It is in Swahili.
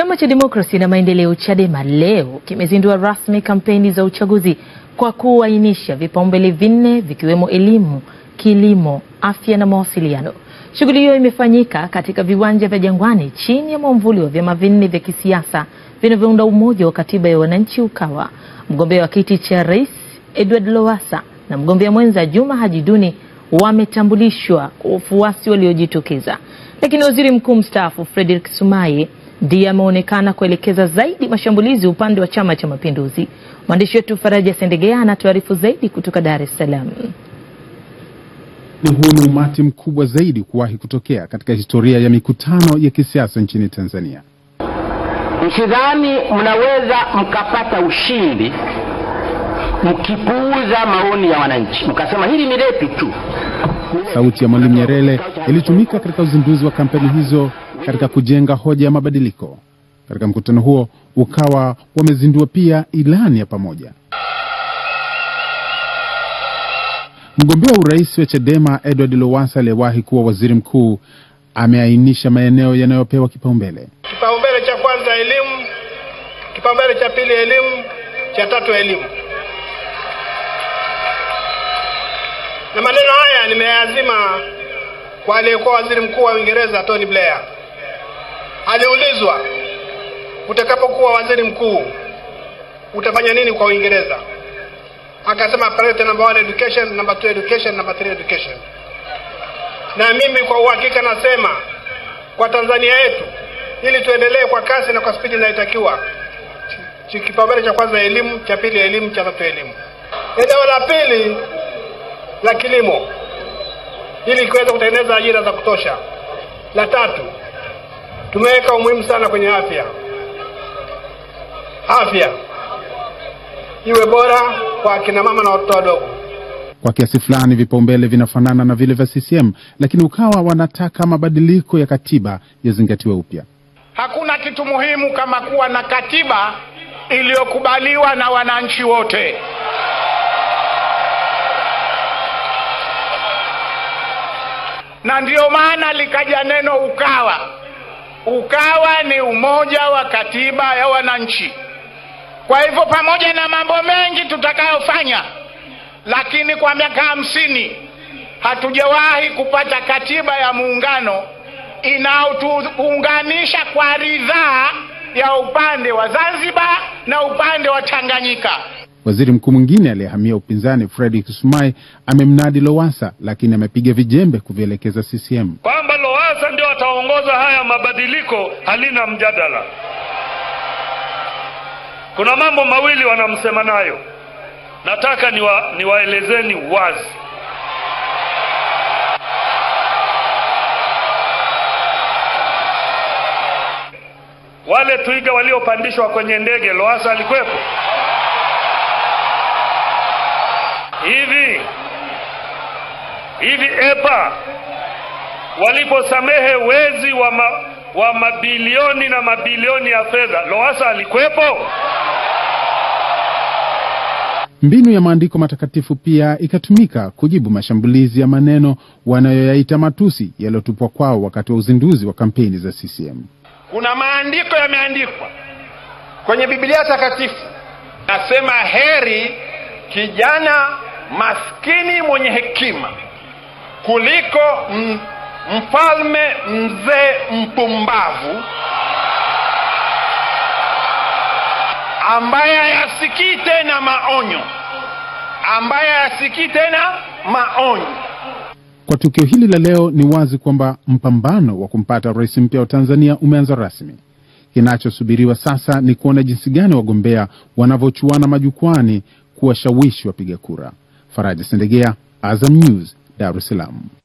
Chama cha Demokrasi na Maendeleo Chadema leo kimezindua rasmi kampeni za uchaguzi kwa kuainisha vipaumbele vinne vikiwemo elimu, kilimo, afya na mawasiliano. Shughuli hiyo imefanyika katika viwanja vya Jangwani chini ya mwamvuli wa vyama vinne vya kisiasa vinavyounda Umoja wa Katiba ya Wananchi Ukawa. Mgombea wa kiti cha rais Edward Lowassa na mgombea mwenza Juma Haji Duni wametambulishwa kwa wafuasi waliojitokeza, lakini waziri mkuu mstaafu Frederick Sumaye ndiye ameonekana kuelekeza zaidi mashambulizi upande wa Chama cha Mapinduzi. Mwandishi wetu Faraja Sendegea anatuarifu zaidi kutoka Dar es Salaam. Huu ni umati mkubwa zaidi kuwahi kutokea katika historia ya mikutano ya kisiasa nchini Tanzania. Msidhani mnaweza mkapata ushindi mkipuuza maoni ya wananchi, mkasema hili ni letu tu. Sauti ya Mwalimu Nyerere ilitumika katika uzinduzi wa kampeni hizo katika kujenga hoja ya mabadiliko. Katika mkutano huo, UKAWA wamezindua pia ilani ya pamoja. Mgombea wa urais wa CHADEMA Edward Lowassa aliyewahi kuwa waziri mkuu ameainisha maeneo yanayopewa kipaumbele. Kipaumbele cha kwanza elimu, kipaumbele cha pili elimu, cha tatu elimu. Na maneno haya nimeyazima kwa aliyekuwa waziri mkuu wa Uingereza Tony Blair aliulizwa, utakapokuwa waziri mkuu utafanya nini kwa Uingereza? Akasema priority number one education, number two education, number three education. Na mimi kwa uhakika nasema kwa Tanzania yetu, ili tuendelee kwa kasi na kwa spidi inayotakiwa, kipaumbele cha kwanza elimu, cha pili elimu, cha tatu elimu. Eneo la pili la kilimo, ili kuweza kutengeneza ajira za kutosha. La tatu tumeweka umuhimu sana kwenye afya. Afya iwe bora kwa akina mama na watoto wadogo. Kwa kiasi fulani vipaumbele vinafanana na vile vya CCM, lakini UKAWA wanataka mabadiliko ya katiba yazingatiwe upya. Hakuna kitu muhimu kama kuwa na katiba iliyokubaliwa na wananchi wote. Na ndiyo maana likaja neno UKAWA ukawa ni umoja wa katiba ya wananchi. Kwa hivyo pamoja na mambo mengi tutakayofanya, lakini kwa miaka hamsini hatujawahi kupata katiba ya muungano inayotuunganisha kwa ridhaa ya upande wa Zanzibar na upande wa Tanganyika. Waziri mkuu mwingine aliyehamia upinzani Fredrick kusumai amemnadi Lowassa, lakini amepiga vijembe kuvielekeza CCM kwamba haya mabadiliko halina mjadala. Kuna mambo mawili wanamsema nayo, nataka niwa, niwaelezeni wazi. Wale twiga waliopandishwa kwenye ndege, Lowassa alikuwepo? Hivi hivi EPA waliposamehe wezi wa, ma, wa mabilioni na mabilioni ya fedha. lowasa alikuwepo. Mbinu ya maandiko matakatifu pia ikatumika kujibu mashambulizi ya maneno wanayoyaita matusi yaliyotupwa kwao wakati wa uzinduzi wa kampeni za CCM. Kuna maandiko yameandikwa kwenye Biblia takatifu, nasema heri kijana maskini mwenye hekima kuliko mfalme mzee mpumbavu ambaye hayasikii tena maonyo, ambaye hayasikii tena maonyo. Kwa tukio hili la leo, ni wazi kwamba mpambano wa kumpata rais mpya wa Tanzania umeanza rasmi. Kinachosubiriwa sasa ni kuona jinsi gani wagombea wanavyochuana majukwani kuwashawishi wapiga kura. Faraja Sendegea, Azam News, Dar es Salaam.